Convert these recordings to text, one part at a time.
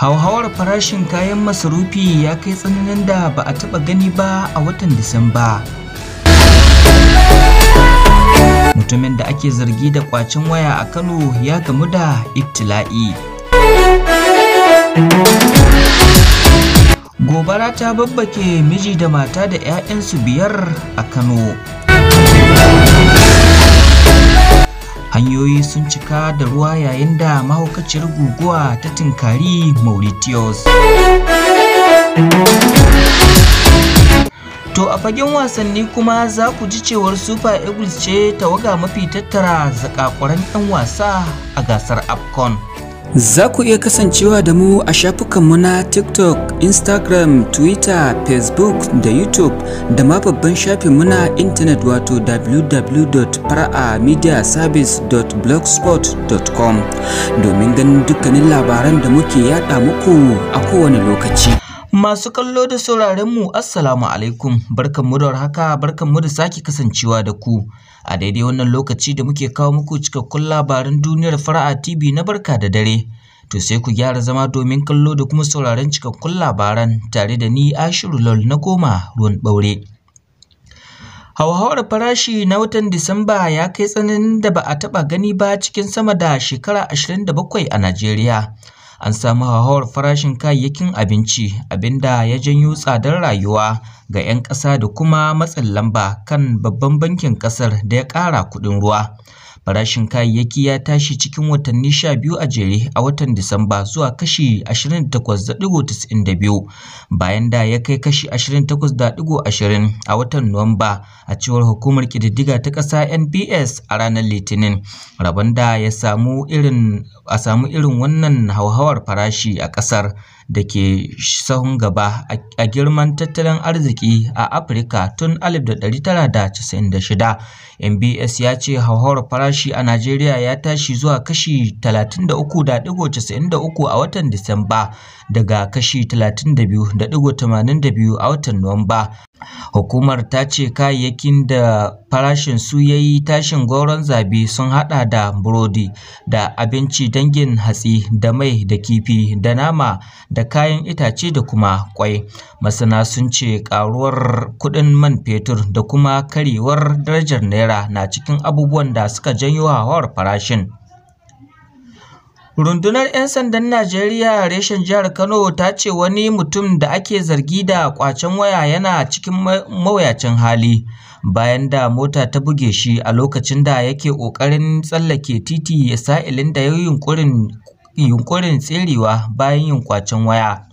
hauhawar farashin kayan masarufi ya kai tsananin da ba a taɓa gani ba a watan disamba mutumin da ake zargi da ƙwacin waya a kano ya gamu da ibtila'i gobara ta babbake miji da mata da 'ya'yansu biyar a kano hanyoyi sun cika da ruwa yayin da mahaukaciyar guguwa ta tinkari mauritius To a fagen wasanni kuma za ku ji cewar Super Eagles ce tawaga mafi tattara zakakuran 'yan wasa a gasar AFCON. Za ku iya kasancewa da mu a shafukanmu na TikTok, Instagram, Twitter, Facebook da YouTube da ma babban shafin muna intanet wato www.fara'amediaservice.blogspot.com domin ganin dukkanin labaran da muke yada muku a kowane lokaci. Masu kallo da mu Assalamu alaikum barkanmu da warhaka barkanmu da sake kasancewa da ku a daidai wannan lokaci da muke kawo muku cikakkun labaran duniyar fara'a TV na barka da dare to sai ku gyara zama domin kallo da kuma sauraron cikakkun labaran tare da ni Ashiru lal na goma ruwan ɓaure. Hauhawar farashi na watan Disamba ya kai tsananin da ba a taɓa gani ba cikin sama da shekara 27 a Najeriya. an samu hauhawar farashin kayayyakin abinci abinda ya janyo tsadar rayuwa ga 'yan ƙasa da kuma matsin lamba kan babban bankin ƙasar da ya ƙara kuɗin ruwa. Farashin kayayyaki ya tashi cikin watanni 12 a jere a watan Disamba zuwa kashi 28.92 bayan da ya kai kashi 28.20 a watan Nuwamba a cewar hukumar ƙididdiga ta ƙasa NBS a ranar Litinin. Rabon da ya samu irin a samu irin wannan hauhawar farashi a ƙasar. da ke sahun gaba a girman tattalin arziki a Afirka tun 1996. MBS ya ce hauhawar farashi a Najeriya ya tashi zuwa kashi 33.93 a watan Disamba daga kashi 32.82 a watan Nuwamba. Hukumar ta ce kayayyakin da farashinsu ya yi tashin gwauron zabi sun haɗa da burodi da abinci dangin hatsi da mai da kifi da nama da kayan itace da kuma ƙwai. Masana sun ce ƙaruwar kuɗin man fetur da kuma karyewar darajar Naira na cikin abubuwan da suka janyo hauhawar farashin. Rundunar ‘Yan Sandan Najeriya reshen Jihar Kano ta ce wani mutum da ake zargi da ƙwacen waya yana cikin mawuyacin hali bayan da mota ta buge shi a lokacin da yake ƙoƙarin tsallake titi ya sa ya yi yunƙurin tserewa bayan yin ƙwacen waya.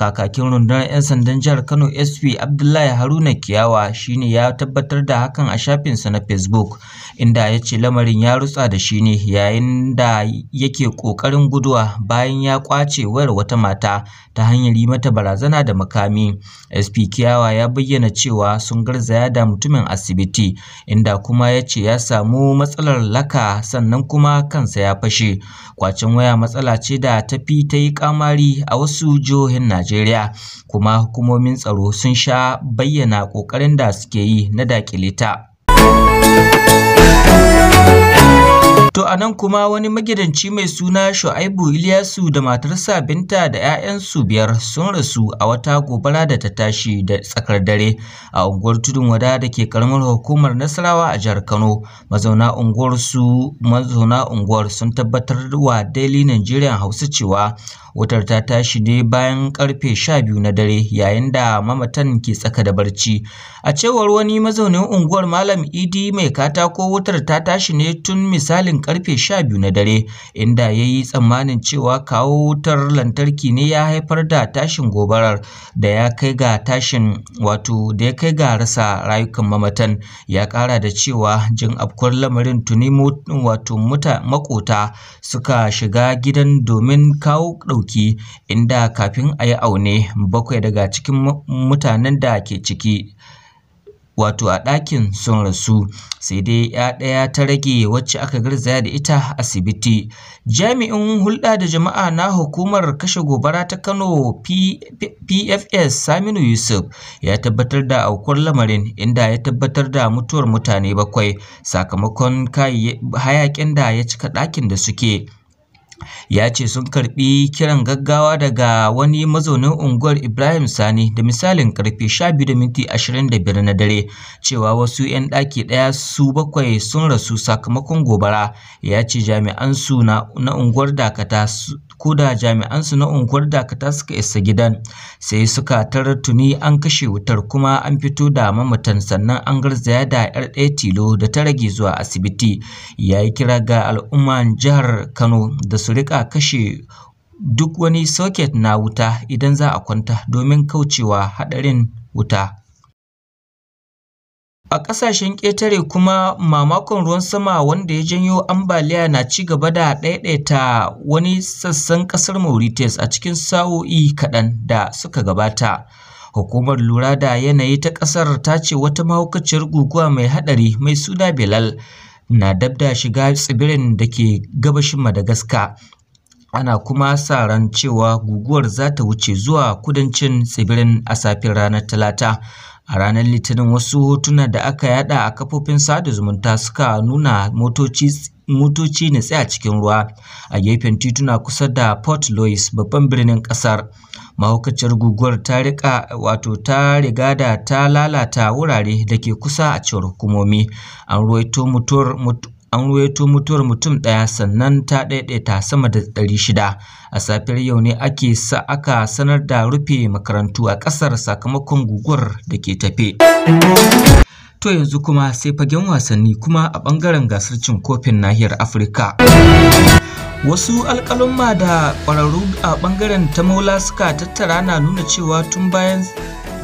kakakin rundunar 'yan sandan jihar kano sp abdullahi haruna kiyawa shine ya tabbatar da hakan a shafinsa na facebook inda ya ce lamarin ya rutsa da shi ne yayin da yake ƙoƙarin guduwa bayan ya kwace wayar wata mata ta hanyar yi mata barazana da makami sp kiyawa ya bayyana cewa sun garzaya da mutumin asibiti inda kuma ya ce ya samu matsalar laka sannan kuma kansa ya fashe kwacen waya matsala ce da tafi ta yi kamari a wasu jihohin najeriya Najeriya kuma hukumomin tsaro sun sha bayyana ƙoƙarin da suke yi na daƙile ta. To a nan kuma wani magidanci mai suna Shu'aibu Ilyasu da matarsa Binta da 'ya'yansu biyar sun rasu a wata gobara da ta tashi da tsakar dare a unguwar Tudun Wada da ke karamar hukumar Nasarawa a jihar Kano. Mazauna unguwar su mazauna unguwar sun tabbatar wa Daily Nigerian Hausa cewa Wutar ta tashi ne bayan karfe 12 na dare yayin da mamatan ke tsaka da barci. A cewar wani mazaunin unguwar Malam Idi mai katako wutar ta tashi ne tun misalin karfe 12 na dare inda ya yi tsammanin cewa kawo wutar lantarki ne ya haifar da tashin gobarar da ya kai ga tashin wato da ya kai ga rasa rayukan mamatan ya kara da cewa jin afkuwar lamarin tuni wato makota suka shiga gidan domin kawo ɗauki inda kafin a yi aune bakwai daga cikin mutanen da ke ciki wato a ɗakin sun rasu sai dai ya ɗaya ta rage wacce aka garzaya da ita asibiti jami'in hulɗa da jama'a na hukumar kashe gobara ta kano pfs saminu yusuf ya tabbatar da aukuwar lamarin inda ya tabbatar da mutuwar mutane bakwai sakamakon hayaƙin da ya cika ɗakin da suke ya ce sun karɓi kiran gaggawa daga wani mazaunin unguwar ibrahim sani da misalin karfe 12:25 na dare cewa wasu 'yan ɗaki ɗaya su bakwai sun rasu sakamakon gobara ya ce jami'ansu na unguwar dakata ko da jami'an su na unguwar dakata suka isa gidan sai suka tarar tuni an kashe wutar kuma an fito da mamatan sannan an garzaya da 'yar ɗaya tilo da ta rage zuwa asibiti ya yi kira ga al'umman jihar kano da su su riƙa kashe duk wani soket na wuta idan za a kwanta domin kaucewa haɗarin wuta. A ƙasashen ƙetare kuma mamakon ruwan sama wanda ya janyo ambaliya na ci gaba da ɗaiɗaita wani sassan ƙasar Mauritius a cikin sa'o'i kaɗan da suka gabata. Hukumar lura da yanayi ta ƙasar ta ce wata mahaukaciyar guguwa mai haɗari mai suna Belal na dabda shiga tsibirin da ke gabashin Madagascar, ana kuma sa ran cewa guguwar za ta wuce zuwa kudancin tsibirin a safin ranar Talata. A ranar Litinin wasu hotuna da aka yada a kafofin sada zumunta suka nuna motoci motoci na tsaya cikin ruwa a gefen tituna kusa da Port Louis babban birnin kasar. Mahaukaciyar guguwar ta rika wato ta riga da ta lalata wurare da ke kusa a cewar hukumomi. An ruwaito mutuwar an ruwaito mutuwar mutum ɗaya sannan ta ɗaiɗaita sama da ɗari shida a safiyar yau ne ake sa aka sanar da rufe makarantu a ƙasar sakamakon guguwar da ke tafe To yanzu kuma sai fagen wasanni kuma a ɓangaren gasar cin kofin nahiyar Afirka. Wasu alƙalumma da ƙwararru a ɓangaren ta maula suka tattara na nuna cewa tun bayan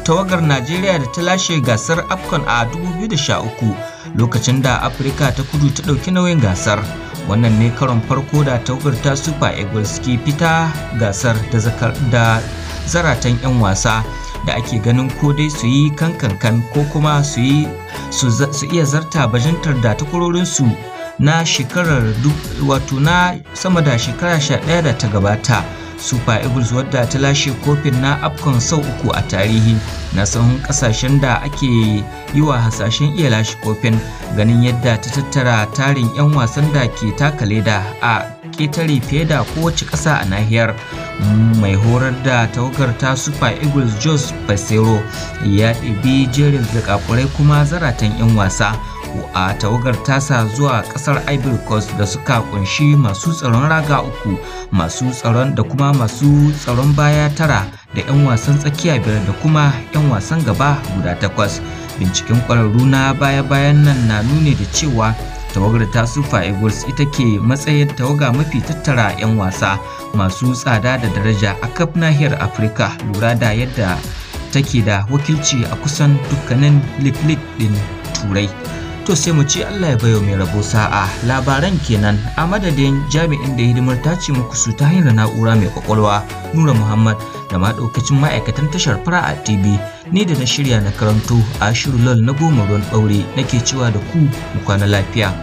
tawagar Najeriya da ta lashe gasar AFCON a 2013 lokacin da Afirka ta kudu ta ɗauki nauyin gasar. Wannan ne karon farko da tawagar ta Super Eagles ke fita gasar da zaratan 'yan wasa. da ake ganin ko dai su yi kankankan ko kuma su iya zarta bajintar da takwarorinsu na shekarar wato na sama da shekara sha ɗaya da ta gabata super eagles wadda ta lashe kofin na afcon sau uku a tarihi na sahun kasashen da ake yi wa hasashen iya lashe kofin ganin yadda ta tattara tarin 'yan wasan da ke taka leda a ketare fiye da kowace ƙasa a nahiyar mai horar da tawagar ta super eagles jos basero ya ɗibi jerin zakakurai kuma zaratan 'yan wasa a tawagar tasa zuwa kasar ivory coast da suka kunshi masu tsaron raga uku masu tsaron da kuma masu tsaron baya tara da 'yan wasan tsakiya biyar da kuma 'yan wasan gaba guda takwas binciken kwararru na baya-bayan nan na nuni da cewa tawagar ta Super eagles ita ke matsayin tawaga mafi tattara 'yan wasa masu tsada da daraja a kaf nahiyar afirka lura da yadda take da wakilci a kusan dukkanin liklik din turai to sai mu ci allah ya bayo mai rabo sa'a labaran kenan a madadin jami'in da hidimar ta ce muku su ta hanyar na'ura mai kwakwalwa nura muhammad da ma ma'aikatan tashar fara'a tv ni da na shirya na karanto a shirin lal na goma ruwan ɓaure nake cewa da ku mu kwana lafiya.